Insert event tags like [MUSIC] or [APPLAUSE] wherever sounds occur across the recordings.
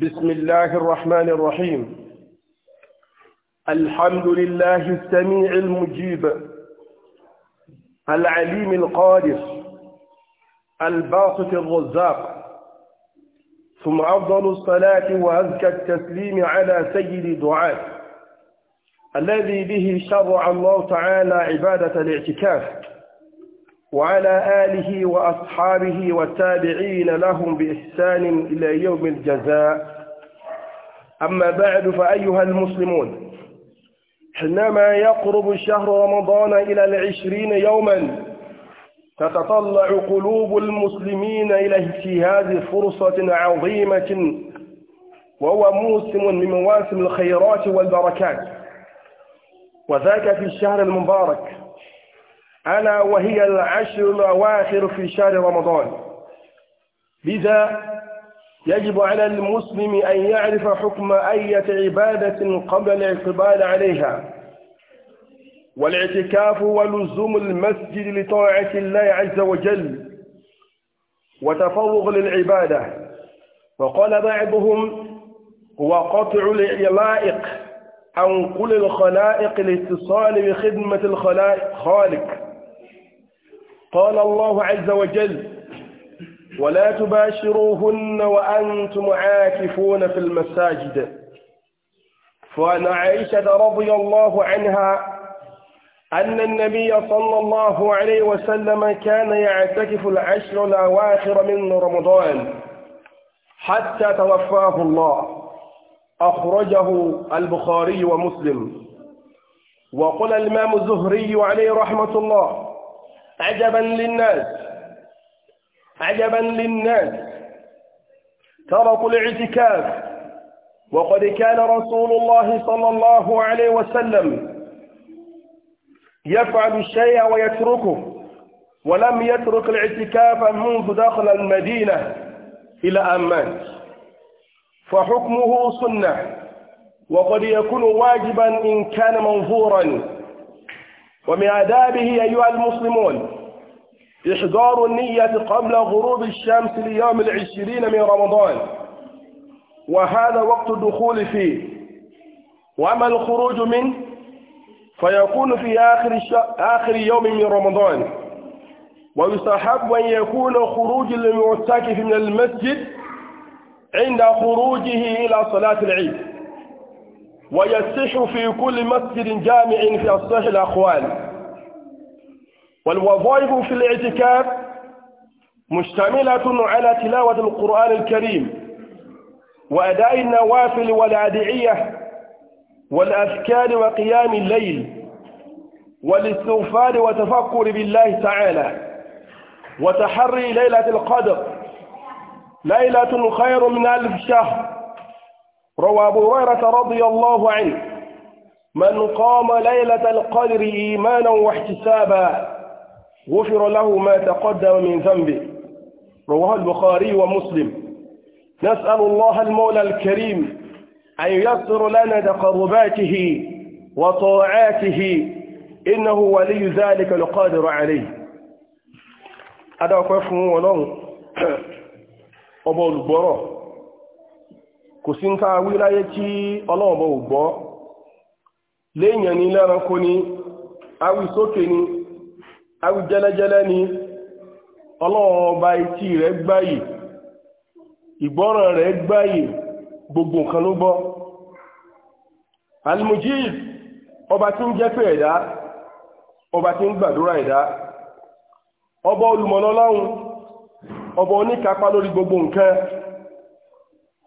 بسم الله الرحمن الرحيم الحمد لله السميع المجيب العليم القادر الباسط الرزاق ثم أفضل الصلاة وأزكى التسليم على سيد دعاء الذي به شرع الله تعالى عبادة الاعتكاف وعلى آله وأصحابه والتابعين لهم بإحسان إلى يوم الجزاء أما بعد فأيها المسلمون حينما يقرب شهر رمضان إلى العشرين يوما تتطلع قلوب المسلمين إلى اجتهاد فرصة عظيمة وهو موسم من مواسم الخيرات والبركات وذاك في الشهر المبارك ألا وهي العشر الأواخر في شهر رمضان لذا يجب على المسلم أن يعرف حكم أية عبادة قبل الاعتبار عليها والاعتكاف ولزوم المسجد لطاعة الله عز وجل وتفوق للعبادة وقال بعضهم هو قطع الإلائق أو كل الخلائق الاتصال بخدمة الخالق قال الله عز وجل ولا تباشروهن وأنتم عاكفون في المساجد فعن عائشة رضي الله عنها أن النبي صلى الله عليه وسلم كان يعتكف العشر الأواخر من رمضان حتى توفاه الله أخرجه البخاري ومسلم وقل الإمام الزهري عليه رحمة الله عجبا للناس عجبا للناس تركوا الاعتكاف وقد كان رسول الله صلى الله عليه وسلم يفعل الشيء ويتركه ولم يترك الاعتكاف منذ دخل المدينة إلى أن مات فحكمه سنة وقد يكون واجبا إن كان منظورا ومن آدابه أيها المسلمون إحضار النية قبل غروب الشمس ليوم العشرين من رمضان وهذا وقت الدخول فيه وأما الخروج منه فيكون في آخر, آخر يوم من رمضان ويستحب أن يكون خروج المعتكف من المسجد عند خروجه إلى صلاة العيد ويصح في كل مسجد جامع في أصح الأقوال والوظائف في الاعتكاف مشتملة على تلاوة القرآن الكريم وأداء النوافل والأدعية والأذكار وقيام الليل والاستغفار وتفكر بالله تعالى وتحري ليلة القدر ليلة خير من ألف شهر روى أبو هريرة رضي الله عنه من قام ليلة القدر إيمانا واحتسابا غفر له ما تقدم من ذنبه رواه البخاري ومسلم نسأل الله المولى الكريم أن يسر لنا تقرباته وطاعاته إنه ولي ذلك القادر عليه أدعوك فمو ولون أبو البراء kò sí ń ká wí láyé tí ọlọ́ọ̀bọ̀ ò gbọ́ léèyàn ni lẹ́ranko ni awi sókè ni awi jẹ́lẹ́jẹ́lẹ́ ni ọlọ́ọ̀ba etí rẹ̀ gbáyì ìgbọ́ràn rẹ̀ gbáyì gbogbo nǹkan ló gbọ́ almujib ọba tí ń jẹ́ ẹ̀dá ọba tí ń gbàdúrà ẹ̀dá ọba olùmọ̀lọ́lọ́hun ọba oníkápá lórí gbogbo nǹkan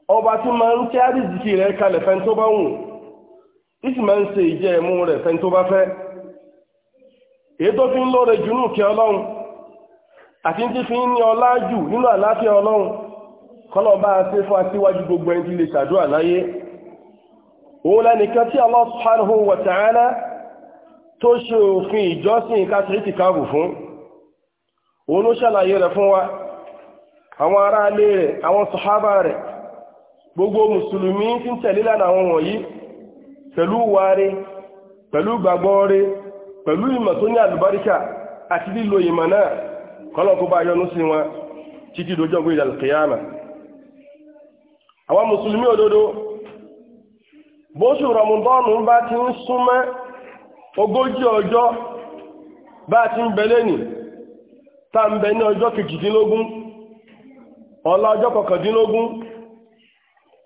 ọba tí máa ń kí àrísìkí rẹ̀ kalẹ̀ fẹ́ tó bá wùn tí sì máa ń ṣe ìjẹ́ ẹ̀mú rẹ̀ fẹ́ tó bá fẹ́ èyí tó fi ń lóore jù nù kí ọlọ́run àti tí fi ń ní ọlá jù nínú àláfíà ọlọ́run kọ́lọ̀ bá a ṣe fún aṣíwájú gbogbo ẹni tí lè ṣàdúrà láyé òun lẹ́nìkan tí Allah subhanahu wa ta'ala tó ṣe òfin ìjọsìn kásìrìtì káàbù fún òun ló ṣàlàyé rẹ̀ fún wa àwọn aráalé rẹ̀ àwọn sàhábà rẹ̀ gbogbo musulmi tí ń tẹ̀lé lánàá àwọn wọ̀nyí pẹ̀lú pẹlụ pẹ̀lú gbàgbọ́ rẹ̀ pẹ̀lú ìmọ̀ tó ní àlùbáríkà àti lílo ìmọ̀ náà kọ́lọ̀kọ́ bá yọnú sí wọn títí dojọ́gbé ìdàlùkìyàmà àwọn mùsùlùmí òdodo bóṣù rọmùdọ́nù bá ti ń súnmọ́ ogójì ọjọ́ bá ti ń nì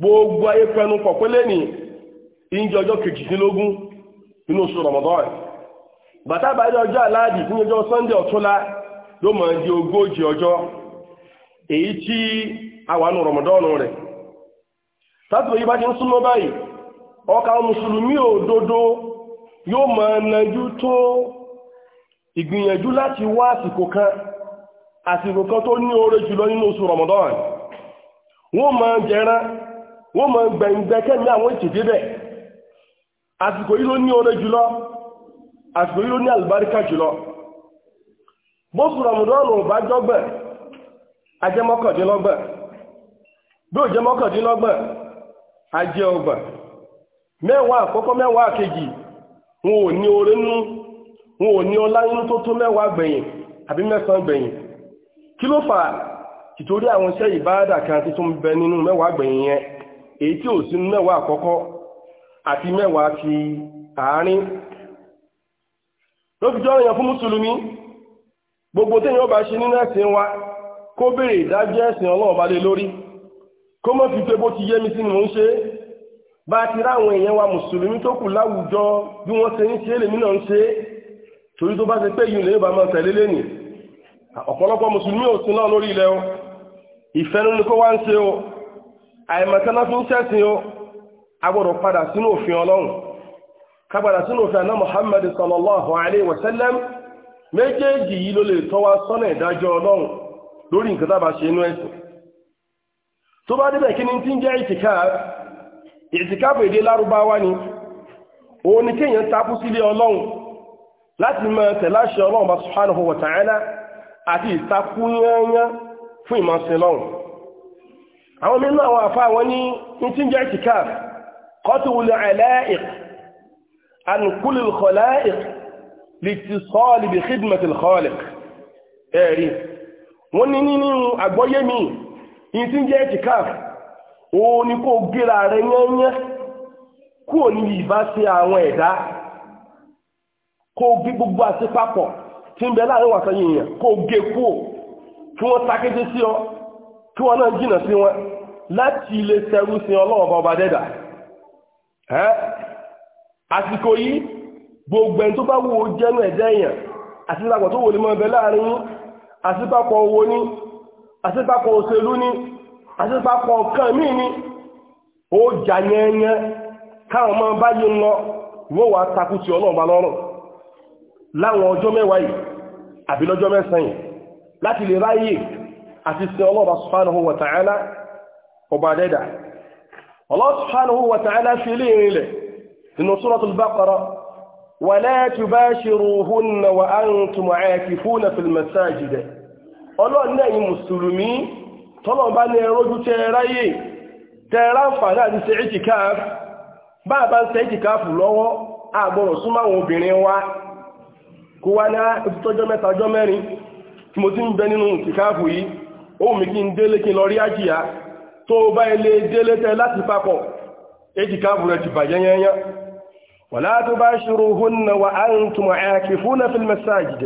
gbogbo ayé pẹnu pọ̀ pé lẹ́nì ìjọ ọjọ́ kejìdínlógún nínú oṣù Ramadan bàtà àbájọ ọjọ́ aláàdì fún ọjọ́ Sunday ọ̀túnla ló mọ̀ di ogójì ọjọ́ èyí tí àwànú Ramadan rẹ̀ sátìmọ̀ yìí bá ti ń súnmọ́ báyìí ọkà mùsùlùmí òdodo yóò mọ̀ nàjú tó ìgbìyànjú láti wá àsìkò kan àsìkò kan tó ní oore jùlọ nínú oṣù Ramadan wọ́n mọ̀ jẹran wọ́n mọ gbẹ̀ngbẹ́ kẹ́mi àwọn ètì débẹ̀ àsìkò yìí ló ní oore jùlọ àsìkò yìí ló ní àlùbáríkà jùlọ bó sùn bá dọ́gbẹ̀ ajẹ́mọ́kàndínlọ́gbẹ̀ bí ó jẹ́ kí ló fà tìtorí àwọn iṣẹ́ kan èyí tí ò sí mẹ́wàá àkọ́kọ́ àti mẹ́wàá ti àárín ló fi jọ́ èèyàn fún mùsùlùmí gbogbo téèyàn bá ṣe nínú ẹ̀sìn wa kó béèrè ìdájọ́ ẹ̀sìn ọlọ́run bá lórí kó mọ́ fi pé bó ti yé mi sí ni mò ń ṣe bá ti ráwọn èèyàn wa mùsùlùmí tó kù láwùjọ bí wọ́n ṣe ń ṣe lèmi náà ń ṣe torí tó bá ṣe pé yìí lè bá máa tẹ̀lé lẹ́nìí ọ̀pọ̀lọpọ̀ mùsùlùmí ò sí náà lórí ilẹ̀ o ìfẹ́nu ni kó wá ń ṣe o àìmọ̀kánná fi ń ṣẹ̀sìn o agbọ́dọ̀ padà sínú òfin ọlọ́run kápadà sínú òfin àná muhammad sallallahu alayhi wa sallam méjèèjì yìí ló lè tọ́ wa sọ́nà ìdájọ́ ọlọ́run lórí nǹkan tábà ṣe inú ẹ̀sìn tó bá débẹ̀ kí ni tí ń jẹ́ ìtìkáàf ìtìkáàf èdè lárúbáwá ni òun ni kéèyàn tapú sílé ọlọ́run láti mọ tẹ̀láṣẹ ọlọ́run bá subhanahu wa ta'ala àti ìtakú fún ìmọ̀sìn ọlọ́run àwọn mímọ̀ àwọn àfá wọn ní tí ń jẹ́ ìtìkáf kọ́tùwùlẹ̀ àlẹ́ìk ànkúlù kọ̀láìk lè ti sọ́ọ̀lì bí khidmat al-khaliq ẹ̀rí wọ́n ní nínú àgbọ́yé mi ní tí ń jẹ́ ìtìkáf òun ni kó gíra rẹ̀ yẹ́nyẹ́ kúrò níbi ìbá sí àwọn ẹ̀dá kó gbí gbogbo àti papọ̀ tí ń bẹ láàrin wàtọ́ yìnyín kó gé kúrò kí wọ́n takété kí wọn náà jìnà sí wọn láti ilé sẹ́rú sí ọlọ́wọ́ ọba dẹ́dà ẹ́ àsìkò yìí gbogbo ẹni tó bá wo jẹ́nu ẹ̀dá èèyàn àti ìlàpọ̀ tó wò lè mọ́ ẹbẹ̀ láàrin yín àsìpapọ̀ owó ní àsìpapọ̀ òṣèlú ní àsìpapọ̀ kan míì ní ó jà yẹnyẹn káwọn ọmọ bá yìí lọ wọ́n wà takú ti ọlọ́ọ̀bá lọ́rùn láwọn ọjọ́ mẹ́wàá yìí àbí lọ́jọ́ mẹ́sàn-án láti lè ráyè àti sí ọlọ́ọ̀bá subhanahu wa ta'ala ọba dẹ́dà Allah subhanahu wa ta'ala fi ilé ìrìnlẹ̀ nínú suratul baqara wala tubashiruhunna wa antum aakifuna fil masajid ọlọ́run náà yìí mùsùlùmí tọ́lọ̀bá ní ẹrójú tẹ́ẹ̀ráyè tẹ́ẹ̀rá ń fàdá àti ṣe ìtìkáf bá bá ń ṣe ìtìkáf obìnrin wa kó wá ní ìtọ́jọ́ mẹ́ta ọjọ́ mẹ́rin tí mo ti ń bẹ nínú ìtìkáf yìí ohun mi kí n délé kí n lọ rí àjíyá tó bá ilé délé tẹ láti papọ̀ èjìkáàbù rẹ̀ ti bàjẹ́ yẹnyẹn wala tubashiruhunna wa antum aakifuna fil masajid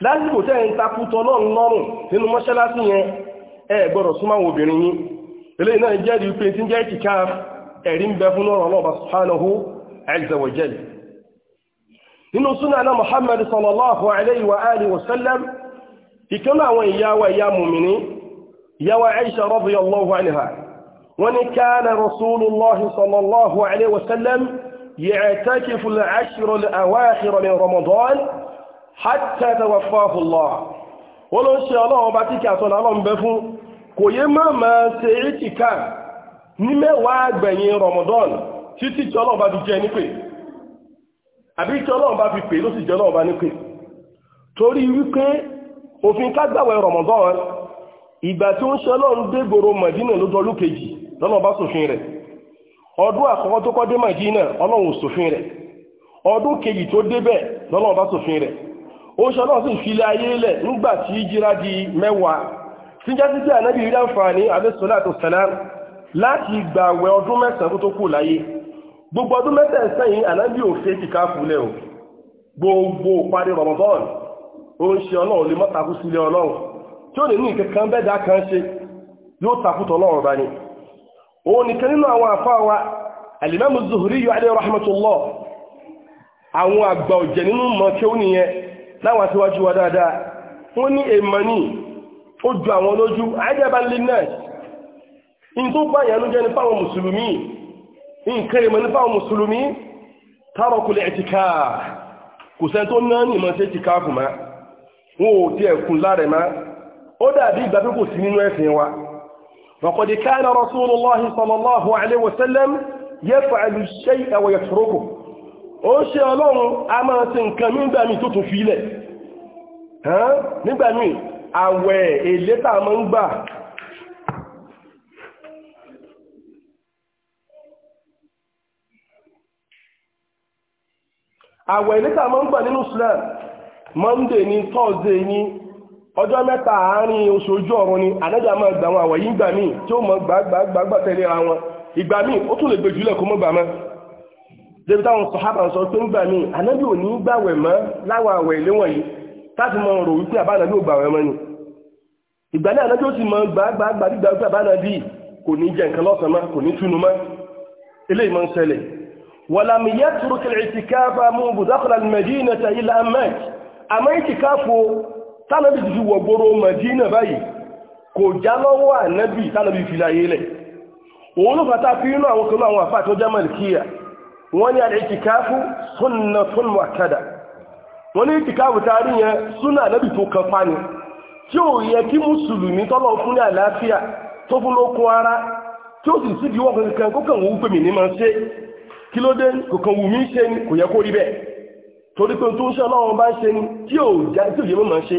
lásìkò tẹ́ ń takútọ lọ́rùn nínú mọ́ṣáláṣí yẹn ẹ gbọ́dọ̀ súnmọ́ àwọn obìnrin yín eléyìí náà jẹ́rìí wípé tí ń jẹ́ ìtìkáàbù ẹ̀rí ń bẹ fún lọ́rọ̀ Allah subhanahu nínú súnà náà ìyá mùmìnì ìyàwó Aisha radiyallahu anha wọ́n ní kana rasulullah sallallahu alayhi wa sallam ya'takifu al-ashr al-awakhir min ramadan hatta tawaffahu Allah wọ́n ló ń ṣe ọlọ́run bá tí kí àtọ́lá ọlọ́run bẹ fún kò yé má máa ṣe ìtìká ní mẹ́wàá àgbẹ̀yìn Ramadan títí tí ọlọ́run bá fi jẹ nípè àbí tí ọlọ́run bá fi pè ló sì jẹ ọlọ́run bá nípè torí wípé òfin kágbàwẹ̀ Ramadan ìgbà tí ó ń ṣe ọlọ́run dégboro mọ̀dínà ló dọlú kejì lọ́nà bá ṣòfin rẹ̀ ọdún àkọ́kọ́ tó kọ́ dé mọ̀dínà ọlọ́run ṣòfin rẹ̀ ọdún kejì tó débẹ̀ lọ́nà bá ṣòfin rẹ̀ ó ṣe ọlọ́run sì filẹ̀ ayé lẹ̀ nígbà tí jíra di mẹ́wàá síjá sí jẹ́ ànábì rí àǹfààní abẹ́sọ̀lá àtọ̀sẹ̀lá láti gbà wẹ ọdún mẹ́sàn-án tó kù láyé gbogbo ọdún mẹ́sàn-án yìí ànábì ò tí ó lè ní nǹkan kan bẹ́ẹ̀dá kan ṣe yóò takùtọ̀ lọ́wọ́ bá ní òun nìkan nínú àwọn àfáà wa alimami zuhuri yóò adé rahmatullah àwọn àgbà ọ̀jẹ̀ nínú mọ̀ ó nìyẹn láwọn àtiwájú wa dáadáa wọ́n ní èèmọ̀ ní ó ju àwọn lójú àjẹ́bálé in tó ó dàbí ìgbà pé kò sí nínú ẹ̀sìn wa وقد كان رسول الله صلى الله عليه وسلم يفعل الشيء ويتركه ó ṣe ọlọ́run a máa ṣe nǹkan nígbà mi tó tún fi ilẹ̀ nígbà mi àwẹ̀ èlé tàà ń gbà nínú Islam Monday ni Thursday ni ọjọ́ mẹ́ta àárín oṣù ojú ọ̀run ni anájà máa gbà wọn àwọ̀ yìí gbà míì tí ó mọ gbàgbàgbà tẹ̀lé ra wọn ìgbà míì ó tún lè gbé jùlẹ̀ kó mọ́ gbà mọ́ débi táwọn sọ̀hábà sọ pé ń gbà míì anábì ò ní gbàwẹ̀ mọ́ láwọn àwẹ̀ ilé wọ̀nyí láti mọ rò wípé àbánabi ò gbàwẹ̀ mọ́ ni ìgbà náà anábì ó sì mọ gbàgbàgbà gbígbà wípé tánàbì ti fi wọ̀gbóró Mẹdínà báyìí kò já lọ́wọ́ ànábì tánàbì fi láyé lẹ̀ òun ló fata fi inú àwọn kanú àwọn àfáà tó jẹ́ malikiya wọ́n ní al-i'tikafu sunnatun mu'akkada wọ́n ní i'tikafu tarí yẹn súnà ànábì tó kan pani tí ó yẹ kí mùsùlùmí tọ́lọ̀ fún ní àlàáfíà tó fún lókun ara tí ó sì síbi wọ́n kankan kó kàn wọ́n pèmí ní máa ṣe kí ló dé kò kàn wù mí ṣe ni kò yẹ kó rí bẹ́ẹ̀ torí pé tó ń ṣe ọlọ́run bá ń ṣe ni tí ò jẹ́ mọ́ máa ṣe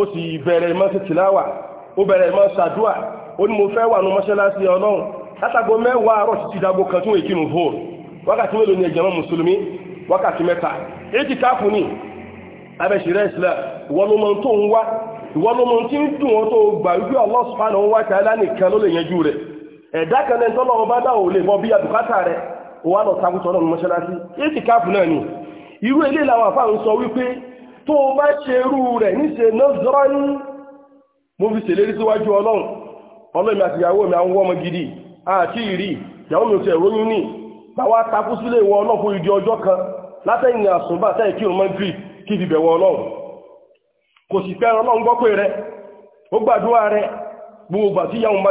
ó sì bẹ̀rẹ̀ mọ́ sí tìláwà ó bẹ̀rẹ̀ mọ́ sàdúà ó ní mo fẹ́ wà ní mọ́ṣáláṣí ọlọ́run látago mẹ́wàá àárọ̀ sí ti dago kan tí wọ́n èkínú vóòr wákàtí mélòó ni ẹ̀jẹ̀ mọ́ mùsùlùmí wákàtí mẹ́ta èjì káàfù ni abẹ́ṣirẹ́ islam ìwọ́n ló mọ tó ń wá ìwọ́n ló mọ tí ń dùn wọn tó gbà wípé Allah subhanahu wa náà ń sọ tó o bá ṣe rẹ̀ níṣe nọ́zọ́rọ́ ní mo fi ṣèlérí síwájú ọlọ́run ọlọ́run àti mi àwọn ọmọ gidi àti ìrí ìyàwó mi ò tẹ̀ ní báwa takú sílé ìwọ ọlọ́run fún ìdí ọjọ́ kan látẹ̀yìn àsùnbà sẹ́yìn kí o mọ́ kí fi bẹ̀wọ̀ ọlọ́run kò sì ọlọ́run gbọ́ pé rẹ ó gbàdúrà rẹ gbogbo ìgbà tí ìyàwó bá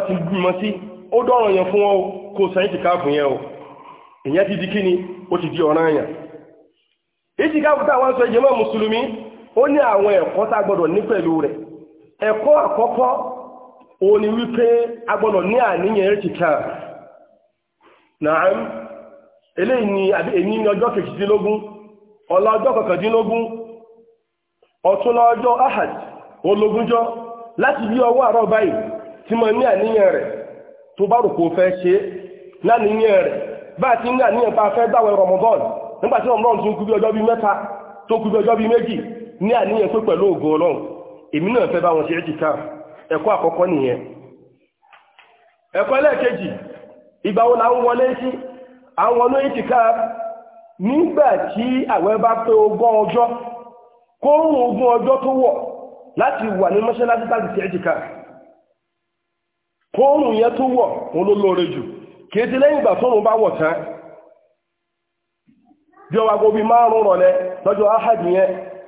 ti o ó ní àwọn ẹ̀kọ́ tá a gbọ́dọ̀ ní pẹ̀lú rẹ̀ ẹ̀kọ́ àkọ́kọ́ òun ni wípé a gbọ́dọ̀ ní àníyàn ẹ̀rìtìkà na eléyìí ni àbí èyí ní ọjọ́ kejìdínlógún ọ̀la ọjọ́ kọkàndínlógún ọ̀túnla ọjọ́ ahad ológúnjọ́ láti bí ọwọ́ àárọ̀ báyìí tí mo ní àníyàn rẹ̀ tó bá rò kó fẹ́ ṣe láníyàn rẹ̀ bá ti ní àníyàn pa fẹ́ gbàwẹ̀ nígbàtí tún kú bí ọjọ́ ní àníyàn tó pẹ̀lú ogo ọlọ́run èmi náà fẹ́ bá wọn ṣe é jìká ẹ̀kọ́ àkọ́kọ́ nìyẹn ẹ̀kọ́ ẹlẹ́ẹ̀kejì ìgbà wo la ń wọlé sí àwọn ọ̀nà ìtìká nígbà tí pé ogún ọjọ́ kó wọ ogún ọjọ́ tó wọ̀ láti wà ní mọ́ṣáláṣí láti ṣe jìká kó yẹn tó wọ̀ ló lóore jù kéde lẹ́yìn ìgbà tó bá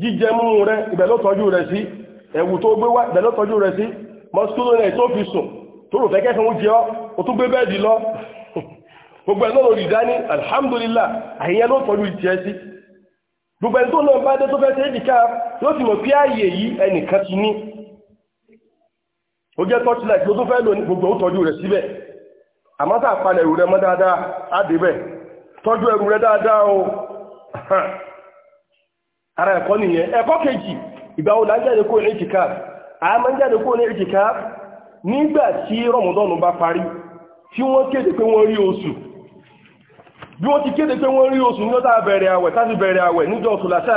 jíjẹ mú rẹ ibẹ̀ ló tọ́jú rẹ sí ẹ̀wù tó gbé wá ibẹ̀ ló tọ́jú rẹ sí mọ́sítúrò rẹ tó fi sùn tó rò fẹ́kẹ́ fún jẹ́ ọ́ o tún gbé bẹ́ẹ̀dì lọ [LAUGHS] gbogbo ẹ̀ lọ́rọ̀ rí dání alhamdulillah àyẹn ló tọ́jú ìtìẹ́ sí gbogbo ẹni tó náà bá dé tó fẹ́ ṣe ìdíkà yóò sì mọ̀ pé ààyè yìí ẹnìkan ti ní ó jẹ́ torchlight ló tó fẹ́ lò ní gbogbo ó tọ́jú rẹ̀ síbẹ̀ àmọ́ tá àpalẹ̀ ẹ̀rù rẹ mọ́ dáadáa á [LAUGHS] ara ẹ̀kọ́ nìyẹn ẹ̀kọ́ kejì ìgbà wo la jáde kó ní ìtìkáf a máa ń jáde kó ní ìtìkáf nígbà tí rọmọdọ́nù bá parí tí wọ́n kéde pé wọ́n rí oṣù bí wọ́n ti kéde pé wọ́n rí oṣù ní ọjọ́ bẹ̀rẹ̀ àwẹ̀ tàbí bẹ̀rẹ̀ àwẹ̀ níjọ́ tòlásá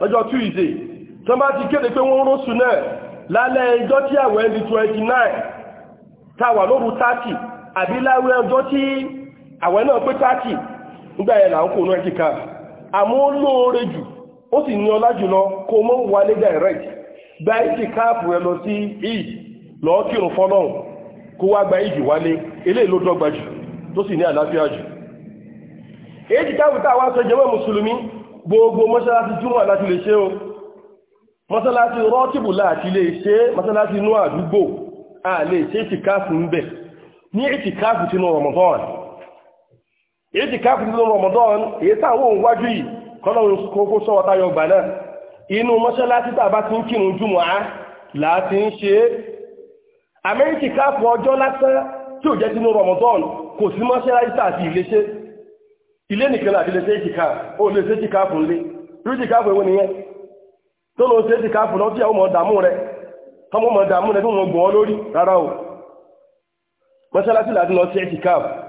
lọ́jọ́ tuesday tó bá ti kéde pé wọ́n róṣù náà lálẹ́ ẹjọ́ tí àwẹ̀ di 29 tàwà lóru 30 àbí láwẹ́ ọjọ́ tí jù ó sì ní ọlá jùlọ kó mọ́ wálé direct gba ìjì káàpù rẹ lọ sí ìd lọ́ọ́ kírun fọ́lọ́hùn kó wá gba ìjì wálé eléyìí ló dọ́gba jù tó sì ní àlàáfíà jù èjì káàpù tá a mùsùlùmí gbogbo mọ́ṣáláṣí láti lè ṣe o mọ́ṣáláṣí rọ́tìbù láti lè ṣe mọ́ṣáláṣí inú àdúgbò a lè ṣe ìtìkáàfù ń bẹ̀ ní ìtìkáàfù sínú Ramadan ìtìkáàfù sínú Ramadan èyí táwọn òun wájú yìí kọ́lọ́run kókó sọ́wọ́ táyọ gbà náà inú mọ́ṣáláṣí tàbá ti ń kírun jùmọ̀ á láti ń ṣe é amẹ́ríkì káàpù ọjọ́ lásán tí ò jẹ́ sínú rọmọdọ́ọ̀nù kò sí mọ́ṣáláṣí tàbí iléṣẹ́ ilé nìkan láti lè ṣe ìjìká ó lè ṣe ìjìká fún lé rí ìjìká fún ewu nìyẹn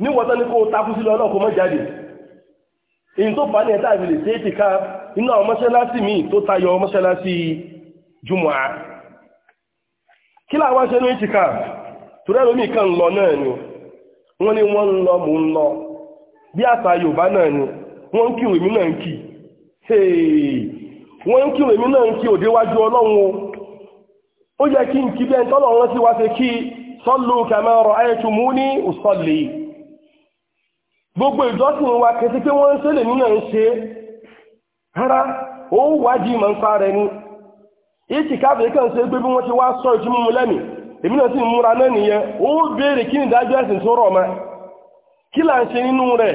níwọ̀tán ní kó o takú sílẹ̀ ọlọ́kọ̀ mọ́ jáde èyí tó fà ní ẹ̀ta ìrìnlẹ̀ tí ètì ká inú àwọn mi tó tayọ mọ́ṣáláṣí jùmọ̀ kí láwọn ní kan lọ náà ni wọ́n ni wọ́n lọ mò ń lọ bí ni wọ́n kí èmi náà ń kí wọ́n kí náà ń kí Ọlọ́run ó yẹ kí n gbogbo ìjọsìn wa kẹsí pé wọ́n ń ṣe lè nínú ṣe rárá ó ń wájì ma ń pa rẹ ní ìtìkáàbẹ̀ kan ṣe pé bí wọ́n ṣe wá sọ ìjú mímú lẹ́mì èmi náà sì ń múra náà nìyẹn ó béèrè kí ni ìdájọ́ ẹ̀sìn tó rọ̀ ma kí là ń ṣe nínú rẹ̀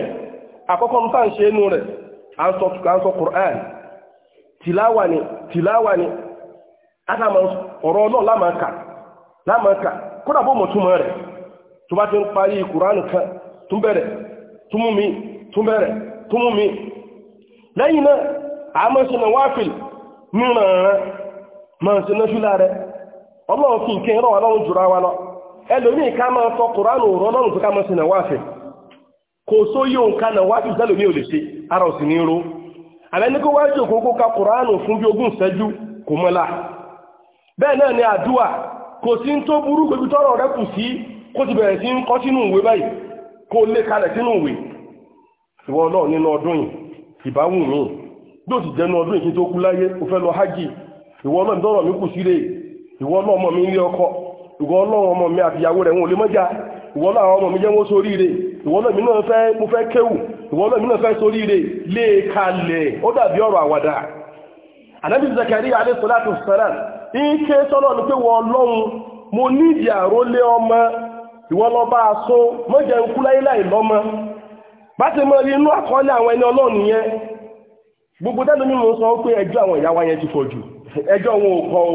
àkọ́kọ́ nípa ń ṣe nínú rẹ̀ à ń sọ Qur'an tìláwà ni tìláwà tumumi mú tumumi lẹ́yìn náà a máa na wáfìl mìíràn rẹ̀ máa na náṣúlá rẹ̀ ọlọ́run fi rọ̀ ọlọ́run jùra wa lọ ẹlòmíì ká máa sọ kùránù rọ̀ tó ká na wáfìl kò só yóò ká na wáfìl tẹ́lòmí ò lè ṣe ara ò sì ní ró ka kùránù fún bí ogún ìṣẹ́jú kò mọ́lá bẹ́ẹ̀ náà ni àdúà kò sí ń tó burú pẹ̀lú rẹ̀ kù kó lé kalẹ̀ sínú ìwé ìwọ ọlọ́run nínú ọdún yìí ìbáwù mi bí ó sì jẹ́nu ọdún lọ hajj ìwọ ọlọ́run dọ́rọ̀ mi kù síre ìwọ ọlọ́run ọmọ mi ń lé ọkọ ìwọ ọlọ́run ọmọ mi àtìyàwó rẹ̀ wọn ò mọ́jà ìwọ ọmọ mi ìwọ mi náà fẹ́ mo fẹ́ kéwù ìwọ mi náà fẹ́ lé e kalẹ̀ ó dàbí ọ̀rọ̀ àwàdà ọmọ ìwọ lọ bá a so mọ́jẹ̀ ikú láyéláì lọ́mọ bá ti mọ́ rí inú àkọọ́lẹ̀ àwọn ẹni ọlọ́run yẹn gbogbo dáadọ́ ní mo sọ pé ẹjọ́ àwọn ìyá wa yẹn ti fọ̀jù ẹjọ́ wọn ò kọ o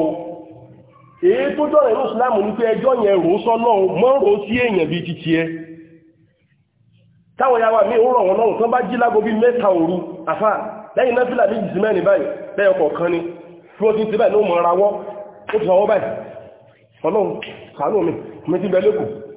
èyí tó jọ̀rọ̀ ìlú ìsìlámù ní pé ẹjọ́ yẹn rò sọ́nà mọ́ rò sí èèyàn bíi titi ẹ táwọn ìyá wa mi ń rọ̀ wọn lọ́rùn tán bá jí lágo bíi mẹ́ta òru àfà lẹ́yìn náà fìlà méjì sí mẹ́rin báyìí lẹ́yìn ọkọ̀ kan ni tí wọ́n ti ti báyìí ló mọ̀ rawọ́ ó ti sọ wọ́n báyìí ọlọ́run sàánú mi mi ti bẹ lẹ́kọ̀ọ́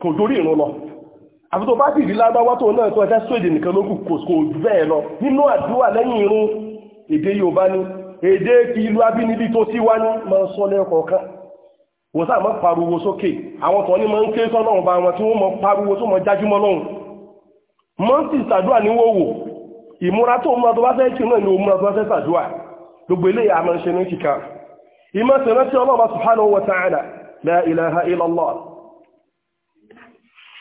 kò dórí ìrún lọ àfi tó bá sì rí lágbáwá tó náà tó ẹjẹ́ sóèdè nìkan ló kù kò bẹ́ẹ̀ lọ nínú àdúrà lẹ́yìn irun èdè Yorùbá ni èdè ti ìlú abínibí tó sí wá ní máa sọ lẹ́ẹ̀kọ̀ọ̀kan wọ́n sáà pariwo sókè àwọn tó ní ń ké sọ́nà ọba wọn tí wọ́n pariwo tó jájúmọ́ lọ́hùn ń sì ní wòwò ìmúra tó tó bá fẹ́ kí náà ni a máa ń ṣe ní kíkà ìmọ̀ sẹ̀rẹ́ sí ọlọ́ọ̀bá la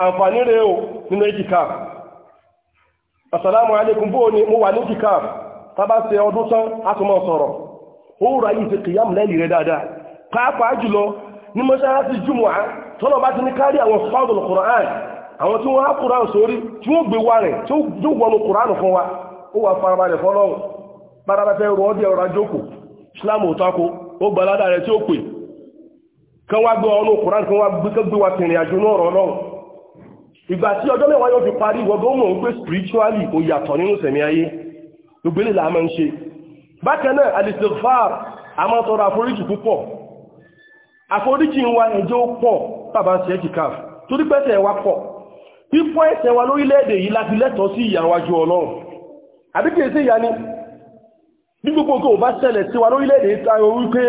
àǹfààní rẹ̀ o nínú ìtìkáf assalamu alaikum bóò ni mo wà ní ìtìkáf a tún mọ́ sọ̀rọ̀ ó rà yìí ṣe kìyàm lẹ́yìn rẹ̀ dáadáa pàápàá jùlọ ní mọ́ṣáláṣí jùmọ̀á tọ́lọ̀ bá ti ní kárí àwọn fáwọn Kùránì àwọn tí wọ́n á Kùránì sórí tí wọ́n gbé wa rẹ̀ tí ó wọnú Kùránì fún wa ó wà ìgbà tí ọjọ́ mẹ́wàá yóò fi parí ìwọ̀gbọ́n mọ̀ ń pé spiritually ó yàtọ̀ nínú sẹ̀mí ayé gbogbo ilé la máa ń ṣe bákan náà alistighfar a máa tọrọ àforíjì púpọ̀ àforíjì ń wa ẹjọ́ pọ̀ tàbá sí ẹ̀kìkáf torí pẹ́sẹ̀ wa pọ̀ pípọ́ ẹ̀ṣẹ̀ wa lórílẹ̀-èdè yìí láti lẹ́tọ̀ọ́ sí ìyàwájú ọlọ́run àbíkèsí ìyá ni bí gbogbo ogun ò bá ṣẹlẹ̀ sí wa lórílẹ̀-èdè tayọ wípé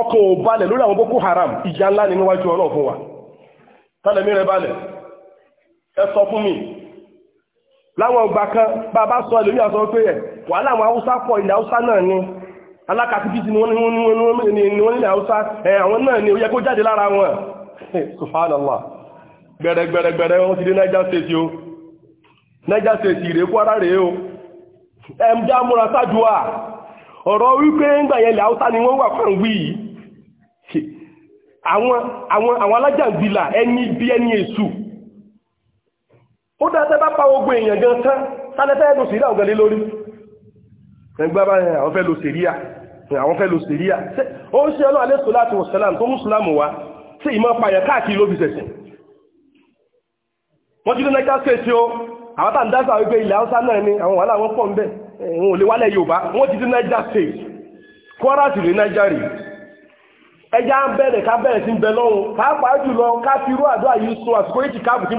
ọkàn ò balẹ̀ lórí àwọn boko haram ìjà ńlá ni níwájú ọlọ́run fún wa tálẹ̀mí rẹ̀ balẹ̀ ẹ sọ fún mi láwọn ọgbà kan bàbá sọ lórí àsọ pé ẹ̀ wà láwọn haúsá pọ̀ ilẹ̀ haúsá náà ni alákàtúntì ni wọ́n nílẹ̀ haúsá ẹ̀ àwọn náà ni ó yẹ kó jáde lára wọn subhanallah gbẹ̀rẹ̀gbẹ̀rẹ̀gbẹ̀rẹ̀ wọ́n ti àwọn alájàngbìlà ẹni bí ẹni èṣù ó dá tẹ́ bá pa ogun èèyàn gan tán tálẹ́fẹ́ ẹ̀dùn síríà ògẹ́lé lórí ẹgbẹ́ bá yẹn àwọn fẹ́ lo síríà àwọn fẹ́ lo síríà ó ń ṣe ọlọ́ alẹ́ sọ láti wọ̀sálàm tó mùsùlámù wa tí ìmọ̀ payẹ̀ káàkiri ló fi wọ́n ti dúnà káṣẹ́ tí ó àwọn tá à ń dá sáà wípé ilẹ̀ haúsá náà ni àwọn wàhálà wọn pọ̀ ń bẹ̀ wọn ò wọ́n ti dúnà kwara si sí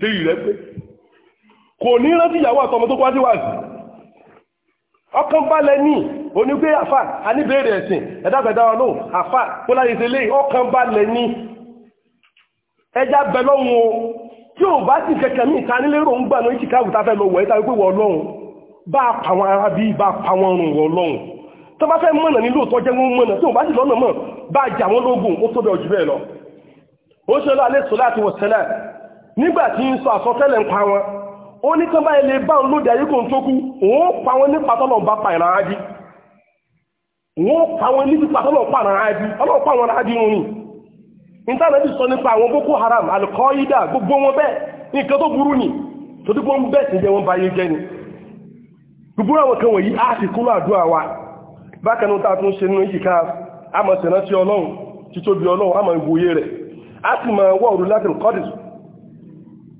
tèyí rẹ pé kò ní rántí ìyàwó àtọmọ tó kwájú wáàzì ọkàn balẹ̀ ní onígbé àfà aníbèrè ẹ̀sìn ẹ̀dàgbẹ̀dà ọlọ́run àfà kólàyèsílẹ̀ ọkàn balẹ̀ ní ẹja bẹ̀lọ́run o tí ò bá sì kẹ̀kẹ́ ní ìtanilérò ń gbà náà ìṣìká àwùta fẹ́ lọ wọ̀ ẹ́ta wípé wọ ọlọ́run bá pàwọn ará bí bá pàwọn ọrùn wọ ọlọ́run tó bá fẹ́ mọ̀nà ní lóòótọ́ jẹ́ wọn mọ̀nà tí ò bá sì lọ́nà mọ̀ bá jà wọn lógún ó tó bẹ̀ ọ̀jù bẹ́ẹ̀ lọ ó ṣe lọ́ alẹ́ sọ láti nígbà tí ń sọ àsọtẹ́lẹ̀ ń pa wọn ó ní kán báyìí lè bá òun lóde ayé kò ń tó kú pa wọn nípa tọ́lọ̀ bá pa ìrànlá pa wọn pa ìrànlá jí pa wọn wọn sọ nípa àwọn Boko Haram Al-Qaeda gbogbo wọn bẹ́ẹ̀ nǹkan tó burú ni tó dípò ń bẹ́ẹ̀ sí jẹ́ wọn báyé jẹ́ ni gbogbo àwọn kan wọ̀nyí á sì kúrò àdúrà wa bákan náà tààtún ṣe nínú yìí a sẹ̀rántí ọlọ́run títóbi ọlọ́run ìwòye rẹ̀ sì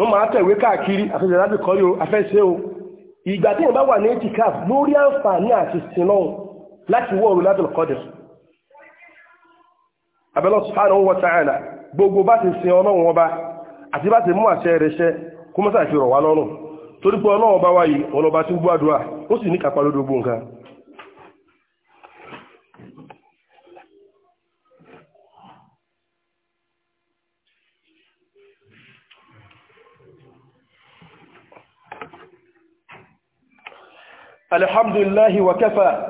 wọ́n atọ tẹ̀wé káàkiri àfẹ́sẹ̀ láti kọ́rí o afẹ́sẹ̀ o ìgbà tí wọn bá wà ní etikaf lórí àǹfààní àti sinọ́ọ̀ láti wọ́ òru látọ̀ kọ́dẹ̀ abẹ́lọ́ subhanahu wa gbogbo bá ti sin ọlọ́run ọba àti bá ti mú àṣẹ rẹ̀ kó rọ̀ wá lọ́rùn ọba wáyé ọlọ́ba tí ń gbọ́ àdúrà ó الحمد لله وكفى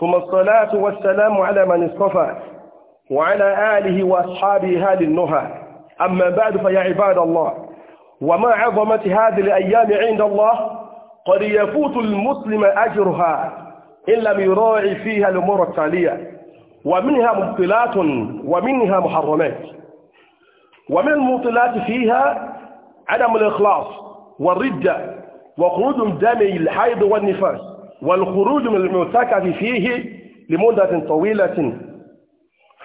ثم الصلاة والسلام على من اصطفى وعلى آله وأصحابه هذه النهى أما بعد فيا عباد الله وما عظمة هذه الأيام عند الله قد يفوت المسلم أجرها إن لم يراعي فيها الأمور التالية ومنها مبطلات ومنها محرمات ومن المبطلات فيها عدم الإخلاص والردة وخروج دم الحيض والنفاس والخروج من المعتكف فيه لمدة طويلة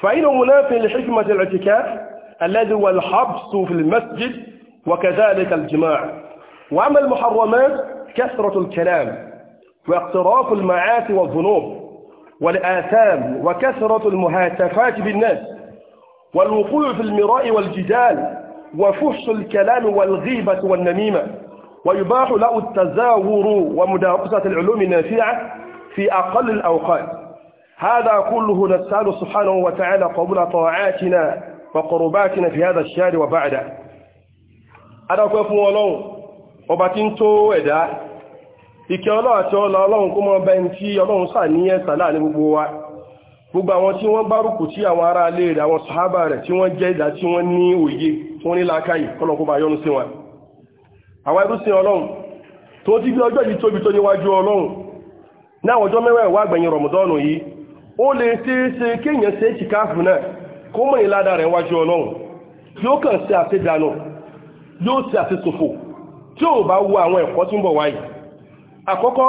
فإنه منافي لحكمة الاعتكاف الذي هو الحبس في المسجد وكذلك الجماع وأما المحرمات كثرة الكلام واقتراف المعاصي والذنوب والآثام وكثرة المهاتفات بالناس والوقوع في المراء والجدال وفحش الكلام والغيبة والنميمة ويباح له التزاور ومدارسة العلوم النافعة في أقل الأوقات هذا كله نسأل سبحانه وتعالى قبول طاعاتنا وقرباتنا في هذا الشهر وبعده أنا كيف ولو وباتنتو إدا ìkẹ́ ọlọ́run àti ọlọ́ ọlọ́run kó mọ́ bá ẹni tí ọlọ́run sà ní ẹ̀sà láàrin gbogbo wa gbogbo àwọn tí wọ́n gbárùkù tí àwọn ará alé rẹ̀ àwọn sàhábà rẹ̀ tí wọ́n jẹ́ ìdá tí wọ́n ní òye tí wọ́n ní làákàyè kọ́lọ̀kọ́ bá yọ́nú sí wọn àwọn ẹrúsìn ọlọ́run tó ti bí ọjọ́ yìí tóbi tó níwájú ọlọ́run ní àwọn ọjọ́ mẹ́wàá ìwà àgbẹ̀yìn rọ̀mọ̀dọ́nù yìí ó lè ṣeéṣe kéèyàn ṣe ìtìkáàfù náà kó mọ̀ ní ládàá rẹ̀ wájú ọlọ́run yóò kàn ṣe àṣedànù yóò ṣe àṣeṣòfò tí ò bá wo àwọn ẹ̀kọ́ tí ń bọ̀ wáyìí àkọ́kọ́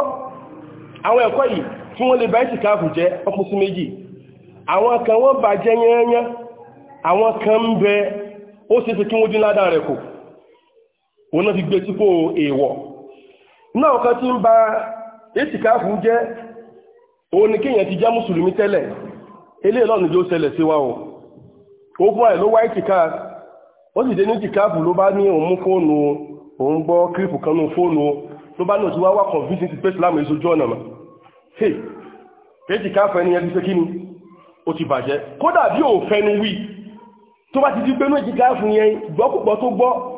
àwọn ẹ̀kọ́ yìí tí wọ́n lè bá ìtìkáàfù jẹ́ ọkùn sí méjì àwọn kan wọ́n bàjẹ́ yẹ́nyẹ́ àwọn kan ń bẹ ó ṣeéṣe kí wọ́n dín ládàá rẹ̀ kù òun náà fi gbé sípò èèwọ̀ náà kan tí ń ba ètìkáàfù jẹ́ òun ni kéèyàn ti jẹ́ mùsùlùmí tẹ́lẹ̀ eléyìí lọ́nà tó ṣẹlẹ̀ sí wa o ogun àìló wá ètìkáàfù ó sì dé ní ètìkáàfù ló bá ní òun mú fóònù òun gbọ́ ni ó ti bàjẹ́ kódà bí òun fẹnu wí tó bá ti di pé ní ètìkáàfù yẹn gbọ́kùgbọ́ tó gbọ́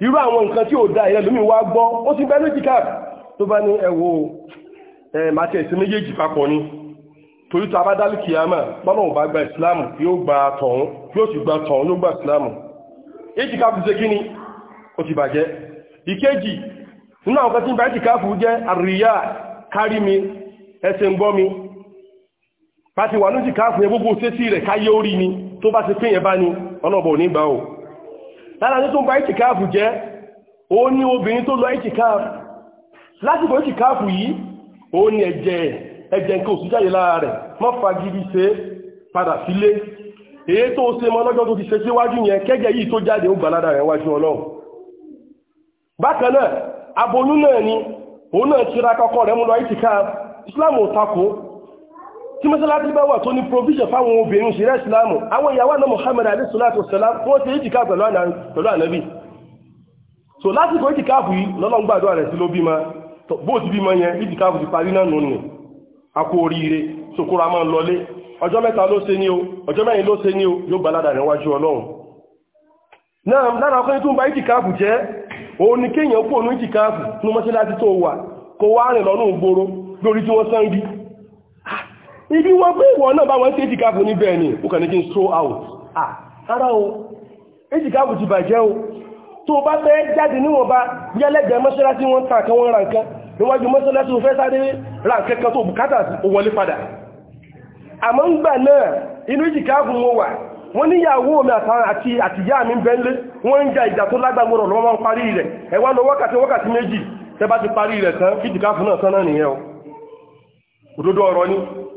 irú àwọn nǹkan tí ò da ìyẹn lómi wá gbọ́ ó ti bẹ́ẹ̀ lójì káàkiri tó bá ní ẹ̀wò ẹ̀ máa méjèèjì papọ̀ ni torí tó abádálì kìámà bọ́lá ò bá gba ìsìláàmù yóò gba tọ̀hún yóò sì gba tọ̀hún ló gba ìsìláàmù èjì káàkiri ṣe kí ni ó ti bàjẹ́ ìkéjì nínú àwọn kan tí ń bá èjì káàkiri jẹ́ àríyá kárí mi ni tó bá ti pín yẹn bá ni lára tó ń bá ìtìkáàfù jẹ́ ó ní obìnrin tó lọ ìtìkáàfù lásìkò ìtìkáàfù yìí ó ní ẹ̀jẹ̀ ẹ̀jẹ̀ nǹkan oṣù jáde lára rẹ̀ mọ́ fagidi ṣe padà sílé èyí tó ṣe mọ́ lọ́jọ́ tó ti ṣe síwájú yẹn kẹ́jẹ̀ yìí tó jáde ó gbàládà rẹ̀ wájú ọlọ́run Islam ò tí mọ́sálásí bá wà tó ní provision fáwọn obìnrin ṣe rẹ́sìlámù àwọn ìyàwó àná Muhammad alayhisalatu wasalam wọ́n so lásìkò ìjìkáàfù yìí lọ́lọ́n gbàdúrà rẹ̀ sí ló bímọ bó ti ti parí náà nùnú akó oríire sokora máa ń lọlé ọjọ́ mẹ́ta o ọjọ́ mẹ́rin ló ní o yóò gbalada rẹ̀ tó ibi wọ́n pé ìwọ̀n náà bá wọ́n sí èjìkáàbù níbẹ̀ ni ó kàn kí n throw out tara o èjìkáàbù ti bàjẹ́ o tó bá fẹ́ jáde níwọ̀n bá yẹ́lẹ́gbẹ̀ẹ́ mọ́ṣáláṣí wọn tàn kan wọ́n ra nǹkan níwájú mọ́ṣáláṣí wọn fẹ́ sáré ra nǹkan kan tó bùkátà ó wọlé padà àmọ́ ń gbà náà inú èjìkáàbù mo mi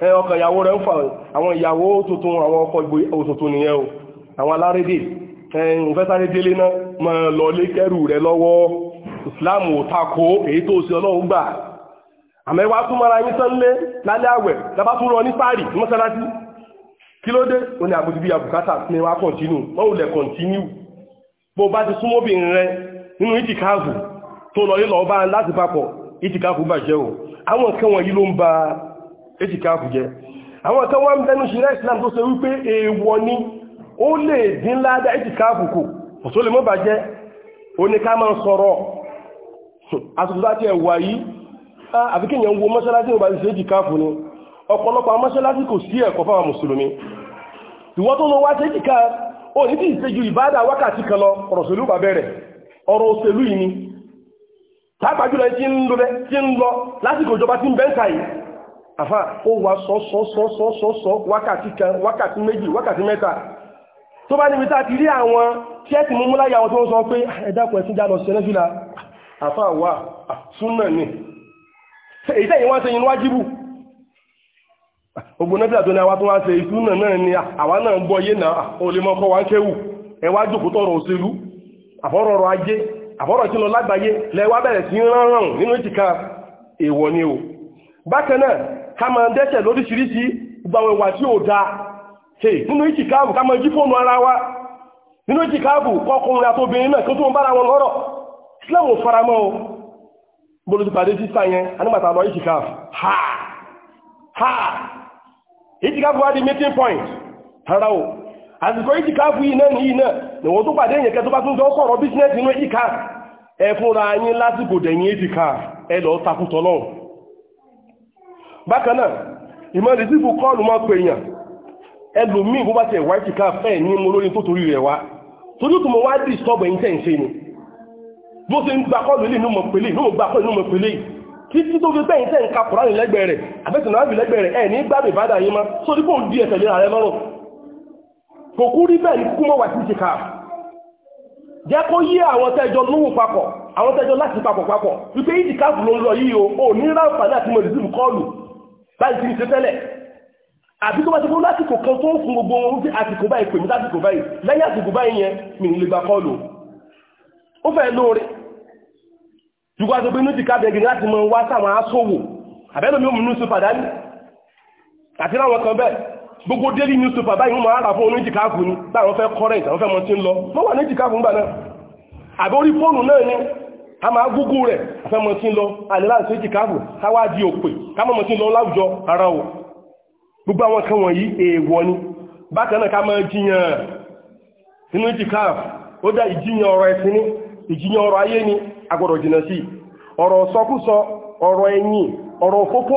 ẹ ọkọ ìyàwó rẹ̀ ń fà àwọn ìyàwó tuntun àwọn ọkọ òtútù nìyẹn o àwọn alárédè ẹ̀yìn òfẹ́sáré délé náà ma lọ lé kẹrù rẹ̀ lọ́wọ́ ìsìláàmù òtakò èyí tó sí ọlọ́run gbà àmẹ́wàá tún mara yín tán lé lálẹ́ àwẹ̀ lábá tún rọ ní sáàrì mọ́sálásí kí ló dé ó ní àbójú bí àbùkátà ní wá kọ̀ntínú wọ́n ò àwọn nǹkan wọ̀nyí ló ń ba ètì káàkù jẹ́ àwọn kan wọ́n ń bẹnu islam tó ṣe wípé èèwọ̀ ni ó lè dín ládá ètì káàkù kù ọ̀tọ́ lè mọ́ bà jẹ́ oní ká máa sọ̀rọ̀ asùsùsá ti ẹ̀wà yìí àfikẹ́yàn wo mọ́ṣáláṣí ò bá ti ṣe ètì káàkù ni ọ̀pọ̀lọpọ̀ mọ́ṣáláṣí kò sí ẹ̀kọ́ fáwọn mùsùlùmí ìwọ́n tó lọ wá ṣe ètì káàkù ó yìí àfà ó wá sọ́sọ́sọ́sọ́sọ́ wákàtí kan wákàtí méjì wákàtí mẹ́ta tó bá níbi tá ti rí àwọn tí ẹ ti mú múlá yàwó tó ń sọ pé ah, ẹ̀dàkùn ẹ̀sìn jálọ sí ẹlẹ́fìlà àfà wà súnà ni èyí tẹ́yìn wá sẹ́yìn wájíbù ogun nẹ́bílà tó ní àwa tó wá ṣe ìsúnà náà ni àwa náà ń bọ́ yé náà ó lè mọ́kọ́ wá ń kéwù ẹwà ká máa dẹ́ṣẹ̀ lóríṣiríṣi gbàwọn ìwà tí ò dáa nínú ìtìkáàbù ká máa jí fóònù ara wa nínú ìtìkáàbù kọkùnrin àtobìnrin náà kí ó tó ń bára wọn lọ́rọ̀ Islam ò faramọ́ o bolo ti pàdé sísá yẹn anígbàtà lọ ìtìkáàbù ha ha ìtìkáàbù wá di meeting point rárá o àsìkò ìtìkáàbù yìí náà nìyí náà ni wọ́n tó pàdé yẹn kẹ́ tó bá tún jọ sọ̀rọ̀ bísínẹ́sì nínú ìtìkáàbù ẹ fúnra yín lásìkò dẹ̀yìn ìtìkáàbù ẹ lọ takùtọ̀ lọ́hùn bákan náà ìmọ̀ rìsífù kọ́ọ̀lù máa pè èèyàn ẹlòmíì bó bá tẹ̀ wáyé kíkà fẹ́ ní mo lórí tó torí rẹ̀ wá torí tó mo wá dì sọ́ọ̀bù ẹ̀yìn tẹ̀ ń ṣe ni bó ṣe ń gba kọ́ọ̀lù ilé inú mọ̀ pèlè inú gba kọ́ọ̀lù inú mọ̀ pèlè títí tó fi bẹ́yìn tẹ̀ ń ka kùránì lẹ́gbẹ̀ẹ́ rẹ̀ àbẹ́sìnà ábì lẹ́gbẹ̀ẹ́ rẹ̀ ẹ̀ ní gbàgbé bàdà yín má sórí kò di ẹ̀sẹ̀ lé ààrẹ lọ́rùn kò kú rí bẹ́ẹ̀ ní kú mọ́ wà sí ti kà jẹ́ kó yí àwọn tẹ́jọ lóhùn papọ̀ àwọn tẹ́jọ láti papọ̀ papọ̀ wípé ìdíkàfù ló ń lọ yí ò ní ráǹfà láti mọ̀ ìdílù kọ́ọ̀lù báyìí ti ń ṣe tẹ́lẹ̀ àbí tó bá ti fún lásìkò kan tó ń fún gbogbo wọn wípé àsìkò báyìí pèmí lásìkò báyìí lẹ́yìn àsìkò báyìí yẹn mi ní lè gba kọ́ọ̀lù ó fẹ́ lóore ṣùgbọ́n àti obìnrin ti kábẹ̀gì láti mọ wá sáwọn aṣòwò àbẹ́lómi òmìnú sí pàdánù àti láwọn kan bẹ́ẹ̀ gbogbo daily newspaper báyìí wọ́n máa rà fún oníjìkáàfù ni báwọn fẹ́ kọ́rẹ̀ ìtàwọn fẹ́ mọ́ tí ń lọ wọ́n wà ní ìjìkáàfù ń gbà náà àbẹ́ orí fóònù náà ni ha ma gúgú rẹ̀ afẹ́mọ̀tí lọ àlélà sí ìtìkáàbù káwá di òpè kámọ̀mọ̀tí lọ láwùjọ ara o gbogbo àwọn kan wọ̀nyí èèwọ̀ ni bákan náà ká máa jiyàn nínú ìtìkáàbù ó dá ìjiyàn ọ̀rọ̀ ẹ̀sìn ní ọ̀rọ̀ ayé ni agbọ́dọ̀ jìnà sí ọ̀rọ̀ sọkúsọ ọ̀rọ̀ ẹ̀yìn ọ̀rọ̀ òfófó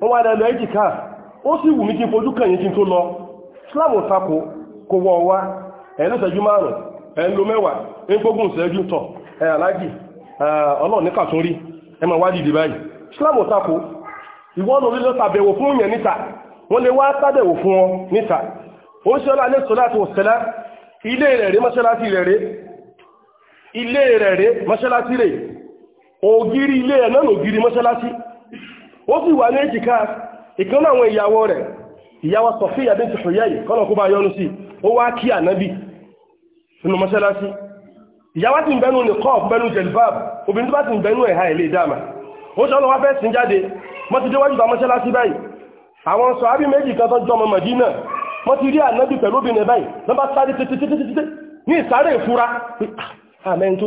wọ́n wá lẹ́lọ ẹ̀jìká ó sì wù mí kí n fojú kẹ̀yìn kí n tó lọ Islam tako kò wọ́ wá ẹ̀lú ìṣẹ́jú márùn-ún ẹ̀lú mẹ́wàá ń gbógun ìṣẹ́jú tọ̀ ẹ̀ alájì ọlọ́ọ̀ní kàtún rí ẹ máa wádìí báyìí Islam tako ìwọ́n lórí lọ tàbẹ̀wò fún yẹn níta wọ́n lè wá tàbẹ̀wò fún wọn níta ó ṣe ọlá alẹ́ sọlá àti òṣèlá ilé rẹ̀ rí mọ́ṣáláṣí rẹ̀ rí ilé rẹ̀ rí mọ́ṣáláṣí rẹ̀ ògiri ilé ẹ̀ náà ògiri mọ́ṣáláṣí ó sì wà ní èjìká ìkan àwọn ìyàwó rẹ̀ ìyàwó Sọfíyà bint Huyayy kọ́nà kó bá yọ́nú sí ó wá kí ànábì nínú mọ́ṣáláṣí ìyàwó ti ń bẹnu nìkọ́ bẹnu jẹ̀lbáàbù obìnrin tó bá ti ń bẹnu ẹ̀ha ilé dáàmà ó ṣe ọlọ́wọ́ fẹ́ sin jáde wọ́n ti déwájú bá mọ́ṣáláṣí báyìí àwọn sọ àbí méjì kan tó jọ ọmọ Mẹdínà wọ́n ti ní ìsáré ìfura ah, àmẹ́ni tó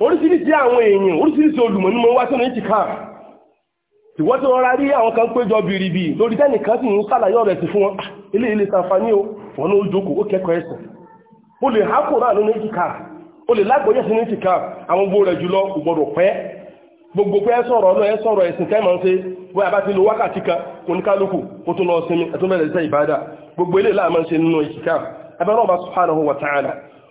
oríṣiríṣi àwọn èèyàn oríṣiríṣi olùmọ̀ si mo wá sínú ìtìká ìwọ́n tó rọra rí àwọn kan péjọ bìrìbì lórí tẹ́nìkan sì ń sàlàyé ọ̀rẹ́ sí fún wọn ilé ah, ilé sàǹfààní o wọn ló jókòó ó kẹ́kọ̀ọ́ ẹ̀sìn o lè há nínú o le gbogbo rẹ̀ jùlọ gbọdọ̀ gbogbo pé ẹ sọ̀rọ̀ ọlọ́ ẹ ọba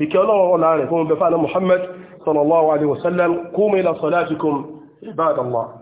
يكلوا الله محمد صلى الله عليه وسلم قوم إلى صلاتكم عباد الله